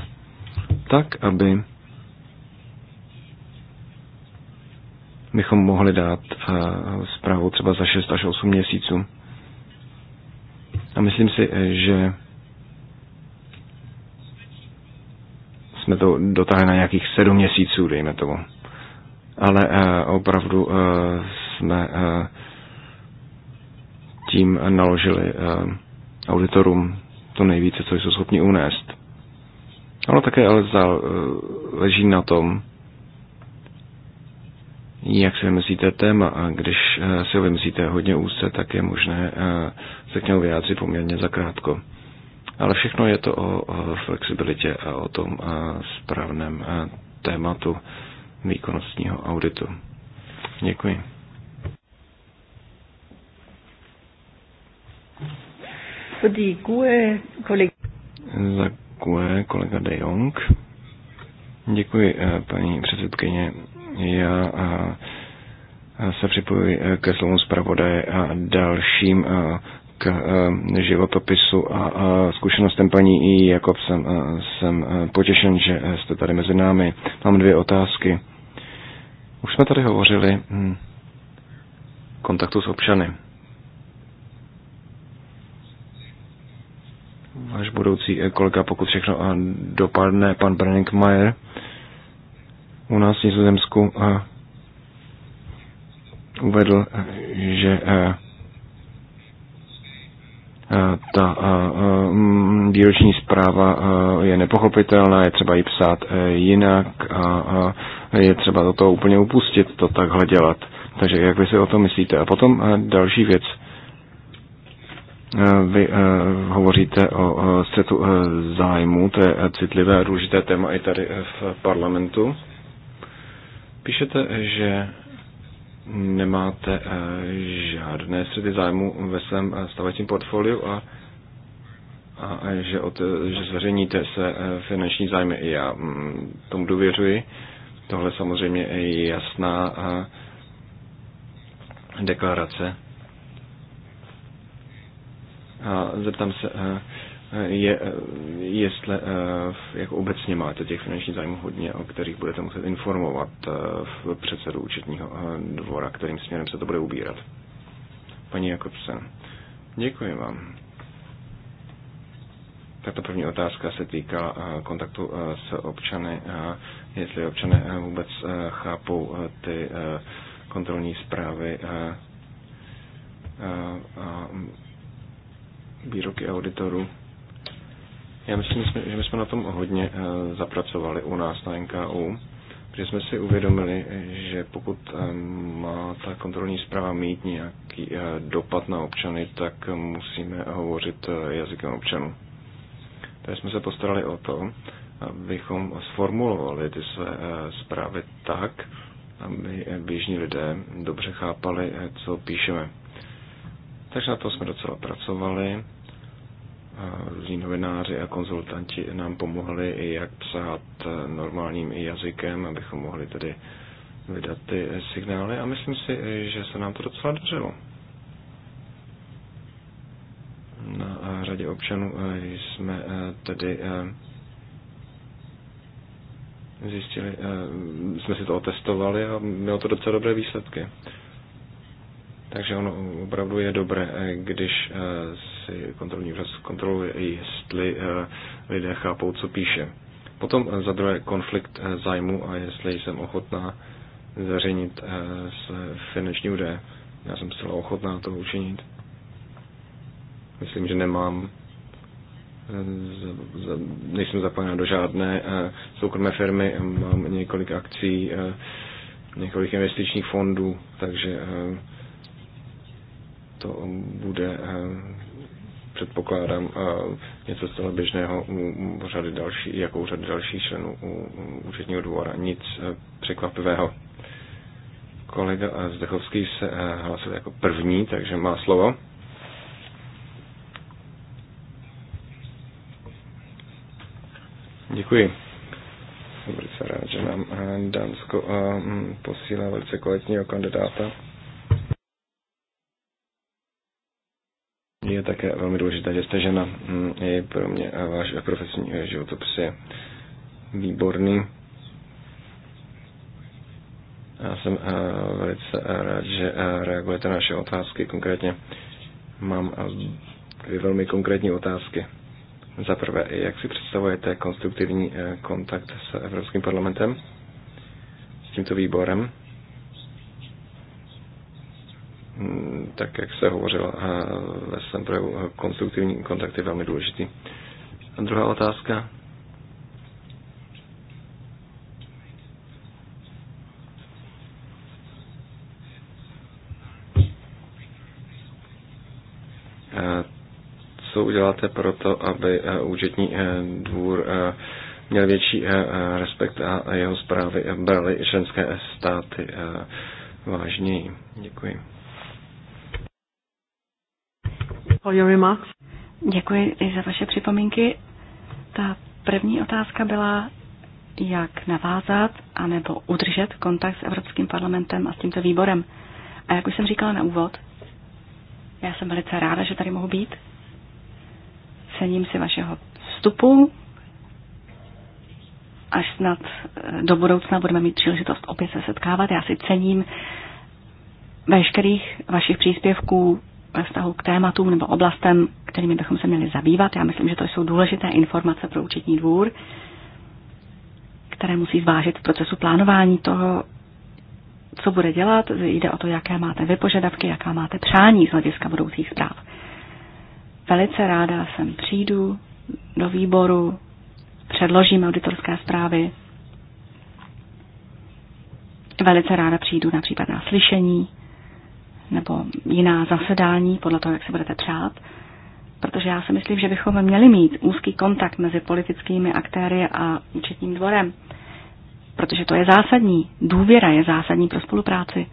Tak, aby bychom mohli dát zprávu třeba za 6 až 8 měsíců. A myslím si, že jsme to dotáhli na nějakých 7 měsíců, dejme tomu. Ale opravdu jsme tím naložili eh, auditorům to nejvíce, co jsou schopni unést. Ono také ale záleží eh, na tom, jak si vymyslíte téma a když eh, si ho vymyslíte hodně úzce, tak je možné se k němu vyjádřit poměrně zakrátko. Ale všechno je to o flexibilitě a o tom správném tématu výkonnostního auditu. Děkuji. Für die GUE, koleg- Za GUE kolega De Jong. Děkuji, eh, paní předsedkyně. Já eh, se připojuji eh, ke slovům zpravodaje a dalším k životopisu a zkušenostem paní I. Jakob jsem, jsem potěšen, že jste tady mezi námi. Mám dvě otázky. Už jsme tady hovořili hm, kontaktu s občany. budoucí kolega, pokud všechno eh, dopadne, pan Mayer u nás v Nizozemsku eh, uvedl, že eh, ta výroční zpráva je nepochopitelná, je třeba ji psát jinak a je třeba do toho úplně upustit, to takhle dělat. Takže jak vy si o tom myslíte? A potom další věc Eh, vy eh, hovoříte o střetu eh, zájmu, to je citlivé a důležité téma i tady v parlamentu. Píšete, že nemáte žádné střety zájmu ve svém stavacím portfoliu a, a že, od, že zveřejníte se finanční zájmy. já mm, tomu důvěřuji. Tohle samozřejmě je jasná deklarace a zeptám se, eh, eh, je, eh, jestli jak obecně máte těch finančních zájmů hodně, o kterých budete muset informovat v předsedu účetního dvora, kterým směrem se to bude ubírat. Paní Jakobsen, děkuji vám. Tato první otázka se týká kontaktu s občany, jestli občany vůbec chápou ty kontrolní zprávy výroky auditorů. Já myslím, že my jsme na tom hodně eh, zapracovali u nás na NKU, protože jsme si uvědomili, že pokud eh, má ta kontrolní zpráva mít nějaký eh, dopad na občany, tak musíme hovořit jazykem občanů. Takže jsme se postarali o to, abychom sformulovali ty své zprávy tak, aby běžní lidé dobře chápali, co píšeme. Takže na to jsme docela pracovali různí novináři a konzultanti nám pomohli, jak psát normálním jazykem, abychom mohli tedy vydat ty signály a myslím si, že se nám to docela dařilo. Na řadě občanů eh, jsme eh, tedy eh, zjistili, jsme si to otestovali a mělo to docela dobré výsledky. Takže ono opravdu je dobré, eh, když eh, si kontrolní úřad kontroluje, jestli eh, lidé chápou, co píše. Potom za druhé konflikt zájmu a jestli jsem ochotná zveřejnit finanční údaje. Já jsem zcela ochotná to učinit. Myslím, že nemám nejsem zapojená do žádné soukromé firmy, mám několik akcí, několik investičních fondů, takže to bude, eh, předpokládám, eh, něco zcela běžného u řady další, jako u řady dalších členů u účetního dvora. Nic eh, překvapivého. Kolega Zdechovský se hlásil jako první, takže má slovo. Děkuji. Jsem velice rád, že nám Dánsko posílá velice kvalitního kandidáta. také velmi důležité, že jste žena. Hm, je pro mě a váš profesní eh, životopis je výborný. Já jsem eh, velice eh, rád, že reagujete na naše otázky. Konkrétně mám dvě velmi konkrétní otázky. Za prvé, jak si představujete konstruktivní kontakt s Evropským parlamentem, s tímto výborem? tak jak se hovořilo, eh, ve svém projevu, eh, konstruktivní kontakt je velmi důležitý. A druhá otázka. Eh, co uděláte pro to, aby účetní dvůr měl větší respekt a jeho zprávy brali členské státy vážněji? Děkuji for your remarks. Děkuji i za vaše připomínky. Ta první otázka byla, jak navázat anebo udržet kontakt s Evropským parlamentem a s tímto výborem. A jak už jsem říkala na úvod, já jsem velice ráda, že tady mohu být. Cením si vašeho vstupu. Až snad eh, do budoucna budeme mít příležitost opět se setkávat. Já si cením veškerých vašich příspěvků ve vztahu k tématům nebo oblastem, kterými bychom se měli zabývat. Já myslím, že to jsou důležité informace pro účetní dvůr, které musí zvážit v procesu plánování toho, co bude dělat. Jde o to, jaké máte vy požadavky, jaká máte přání z hlediska budoucích zpráv. Velice ráda sem přijdu do výboru, předložím auditorské zprávy. Velice ráda přijdu na případná slyšení, nebo jiná zasedání, podle toho, jak se budete přát, protože já si myslím, že bychom měli mít úzký kontakt mezi politickými aktéry a účetním dvorem, protože to je zásadní. Důvěra je zásadní pro spolupráci.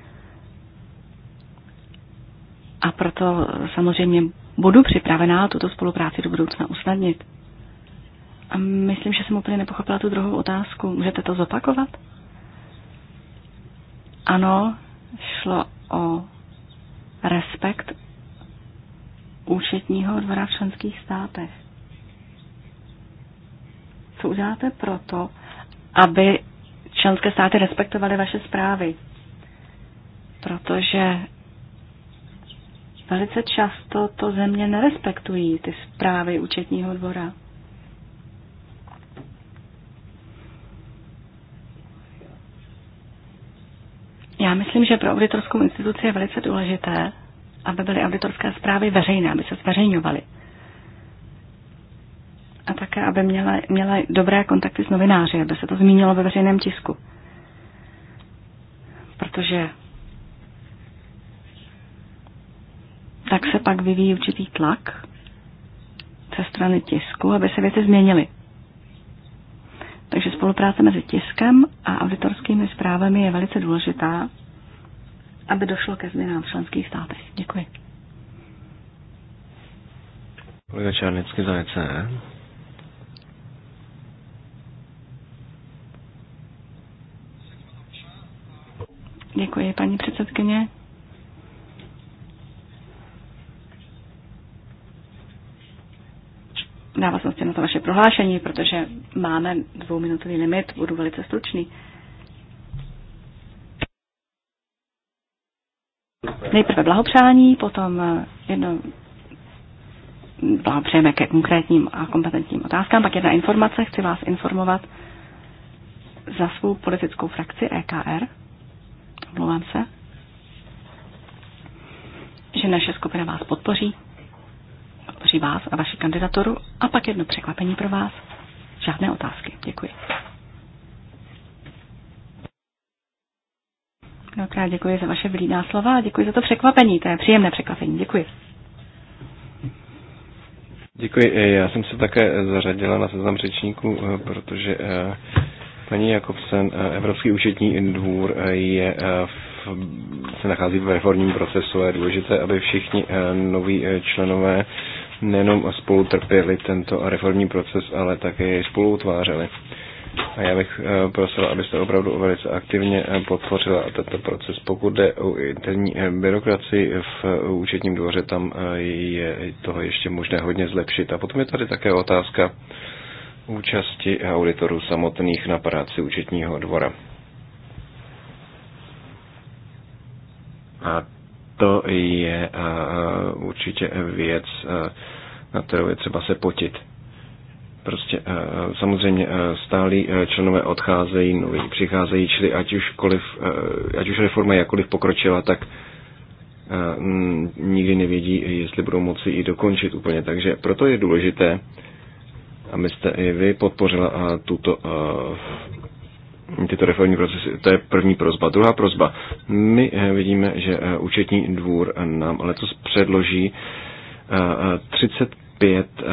A proto samozřejmě budu připravená tuto spolupráci do budoucna usnadnit. A myslím, že jsem úplně nepochopila tu druhou otázku. Můžete to zopakovat? Ano, šlo o respekt účetního dvora v členských státech. Co uděláte proto, aby členské státy respektovaly vaše zprávy? Protože velice často to země nerespektují, ty zprávy účetního dvora. Já myslím, že pro auditorskou instituci je velice důležité, aby byly auditorské zprávy veřejné, aby se zveřejňovaly. A také, aby měla, měla dobré kontakty s novináři, aby se to zmínilo ve veřejném tisku. Protože tak se pak vyvíjí určitý tlak ze strany tisku, aby se věci změnily. Spolupráce mezi tiskem a auditorskými zprávami je velice důležitá, aby došlo ke změnám v členských státech. Děkuji. Kolega Čárnecký za ECE. Děkuji, paní předsedkyně. se na to vaše prohlášení, protože máme dvouminutový limit, budu velice stručný. Nejprve blahopřání, potom eh, jedno blahopřejeme ke konkrétním a kompetentním otázkám, pak jedna informace, chci vás informovat za svou politickou frakci EKR, omlouvám se, že naše skupina vás podpoří podpoří vás a vaši kandidaturu. A pak jedno překvapení pro vás. Žádné otázky. Děkuji. Dobrá, děkuji za vaše vlídná slova a děkuji za to překvapení. To je příjemné překvapení. Děkuji. Děkuji. Eh, já jsem se také eh, zařadila na seznam řečníků, eh, protože paní Jakobsen, Evropský účetní dvůr je v, se nachází v reformním procesu a je důležité, aby všichni noví členové nejenom spolu trpěli tento reformní proces, ale také jej spolu utvářeli. A já bych eh, prosil, abyste opravdu velice aktivně eh, podpořila tento proces. Pokud jde o interní eh, byrokracii v účetním dvoře, tam je toho ještě možné hodně zlepšit. A potom je tady také otázka účasti auditorů samotných na práci účetního dvora. A to je eh, eh, určitě věc, eh, na kterou je třeba se potit. Prostě samozřejmě stálí členové odcházejí, noví přicházejí, čili ať už, koliv, ať už reforma jakoliv pokročila, tak nikdy nevědí, jestli budou moci i dokončit úplně. Takže proto je důležité, abyste i vy podpořila tuto tyto reformní procesy. To je první prozba. Druhá prozba. My eh, vidíme, že eh, účetní dvůr nám letos předloží 35 eh,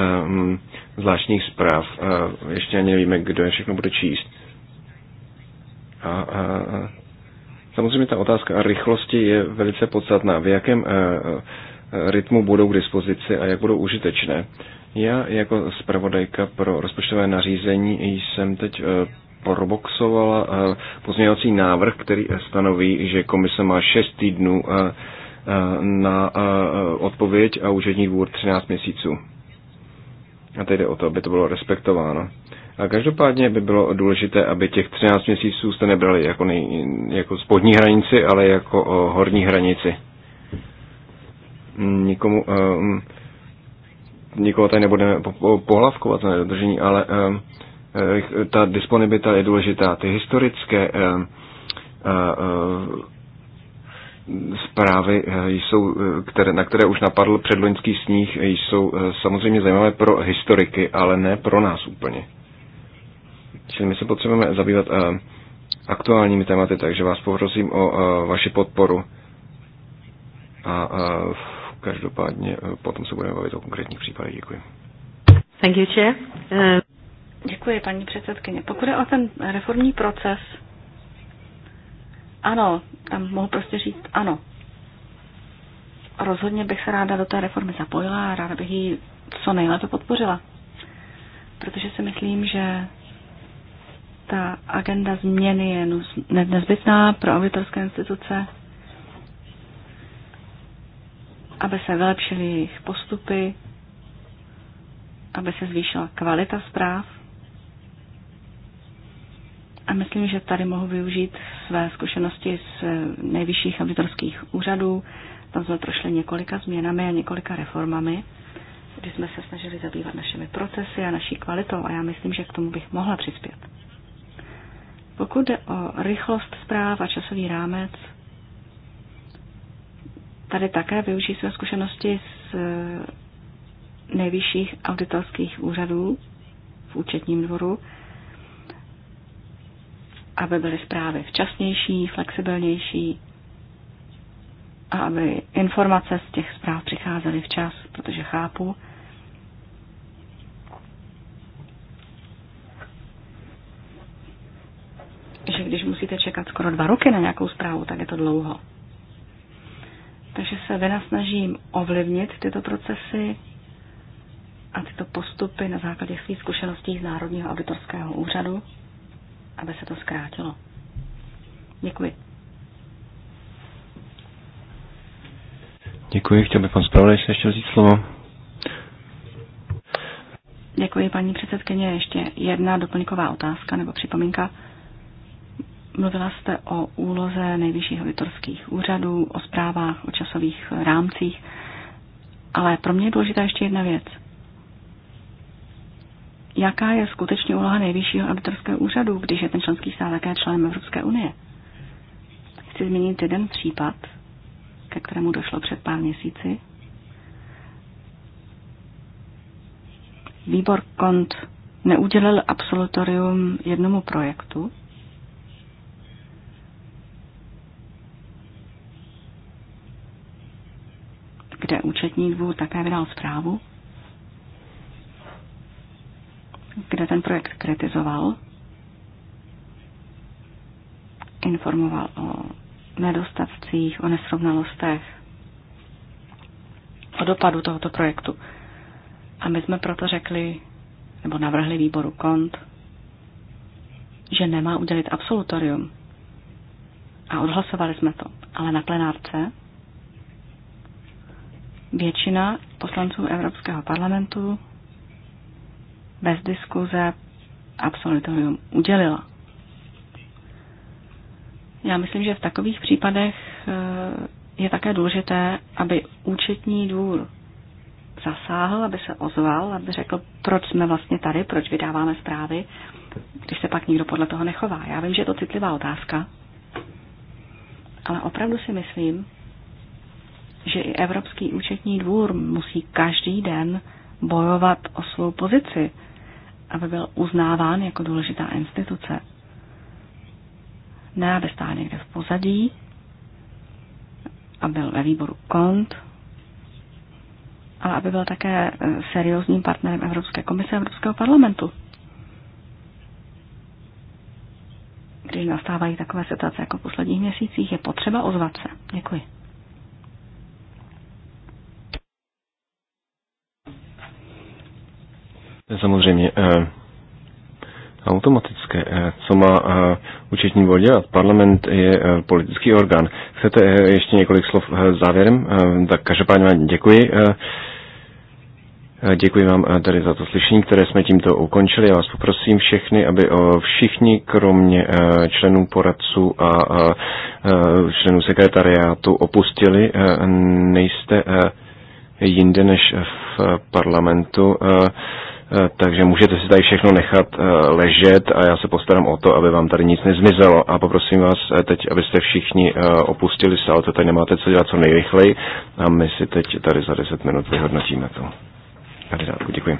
zvláštních zpráv. Ještě ani nevíme, kdo je všechno bude číst. A, a, samozřejmě ta otázka rychlosti je velice podstatná. V jakém rytmu budou k dispozici a jak budou užitečné. Já jako zpravodajka pro rozpočtové nařízení jsem teď proboxovala eh, pozměňovací návrh, který stanoví, že komise má 6 týdnů eh, eh, na odpověď a úřední dvůr 13 měsíců. A teď jde o to, aby to bylo respektováno. A každopádně by bylo důležité, aby těch 13 měsíců jste nebrali jako, nej, jako spodní hranici, ale jako horní hranici. Nikomu, um, nikoho tady nebudeme pohlavkovat na nedodržení, ale um, Eh, ta disponibilita je důležitá. Ty historické eh, eh, zprávy, jsou, které, na které už napadl předloňský sníh, jsou samozřejmě zajímavé pro historiky, ale ne pro nás úplně. Čili my se potřebujeme zabývat aktuálními tématy, takže vás poprosím o vaši podporu a každopádně potom se budeme bavit o konkrétních případech. Děkuji. Thank you, Chair. Uh... Děkuji, paní předsedkyně. Pokud je o ten reformní proces, ano, tam mohu prostě říct ano. Rozhodně bych se ráda do té reformy zapojila a ráda bych ji co nejlépe podpořila. Protože si myslím, že ta agenda změny je nezbytná pro auditorské instituce, aby se vylepšily jejich postupy, aby se zvýšila kvalita zpráv a myslím, že tady mohu využít své zkušenosti z nejvyšších auditorských úřadů. Tam jsme prošli několika změnami a několika reformami, kdy jsme se snažili zabývat našimi procesy a naší kvalitou a já myslím, že k tomu bych mohla přispět. Pokud jde o rychlost zpráv a časový rámec, tady také využij své zkušenosti z nejvyšších auditorských úřadů v účetním dvoru aby byly zprávy včasnější, flexibilnější a aby informace z těch zpráv přicházely včas, protože chápu, že když musíte čekat skoro dva roky na nějakou zprávu, tak je to dlouho. Takže se vynasnažím ovlivnit tyto procesy a tyto postupy na základě svých zkušeností z Národního auditorského úřadu aby se to zkrátilo. Děkuji. Děkuji, chtěl bych pan zpravodaj se ještě vzít slovo. Děkuji, paní předsedkyně. Ještě jedna doplňková otázka nebo připomínka. Mluvila jste o úloze nejvyšších auditorských úřadů, o zprávách, o časových rámcích, ale pro mě je důležitá ještě jedna věc – jaká je skutečně úloha nejvyššího auditorského úřadu, když je ten členský stát také členem Evropské unie. Chci zmínit jeden případ, ke kterému došlo před pár měsíci. Výbor KONT neudělil absolutorium jednomu projektu, kde účetní dvůr také vydal zprávu, kde ten projekt kritizoval, informoval o nedostatcích, o nesrovnalostech, o dopadu tohoto projektu. A my jsme proto řekli, nebo navrhli výboru kont, že nemá udělit absolutorium. A odhlasovali jsme to. Ale na plenárce většina poslanců Evropského parlamentu bez diskuze absolutorium udělila. Já myslím, že v takových případech eh, je také důležité, aby účetní dvůr zasáhl, aby se ozval, aby řekl, proč jsme vlastně tady, proč vydáváme zprávy, když se pak nikdo podle toho nechová. Já vím, že je to citlivá otázka, ale opravdu si myslím, že i Evropský účetní dvůr musí každý den bojovat o svou pozici, aby byl uznáván jako důležitá instituce. Ne, aby stál někde v pozadí a byl ve výboru KONT, ale aby byl také eh, seriózním partnerem Evropské komise a Evropského parlamentu. Když nastávají takové situace jako v posledních měsících, je potřeba ozvat se. Děkuji. samozřejmě eh, automatické. Eh, co má eh, účetní dvor dělat? Parlament je politický orgán. Chcete ještě několik slov závěrem? Tak každopádně děkuji. Děkuji vám tady za to slyšení, které jsme tímto ukončili. Já vás poprosím všechny, aby všichni, kromě členů poradců a členů sekretariátu, opustili. Nejste jinde než v parlamentu. Eh, takže můžete si tady všechno nechat eh, ležet a já se postarám o to, aby vám tady nic nezmizelo. A poprosím vás eh, teď, abyste všichni opustili sál, to tady nemáte co dělat co nejrychleji a my si teď tady za 10 minut vyhodnotíme to. Kandidátku, děkuji.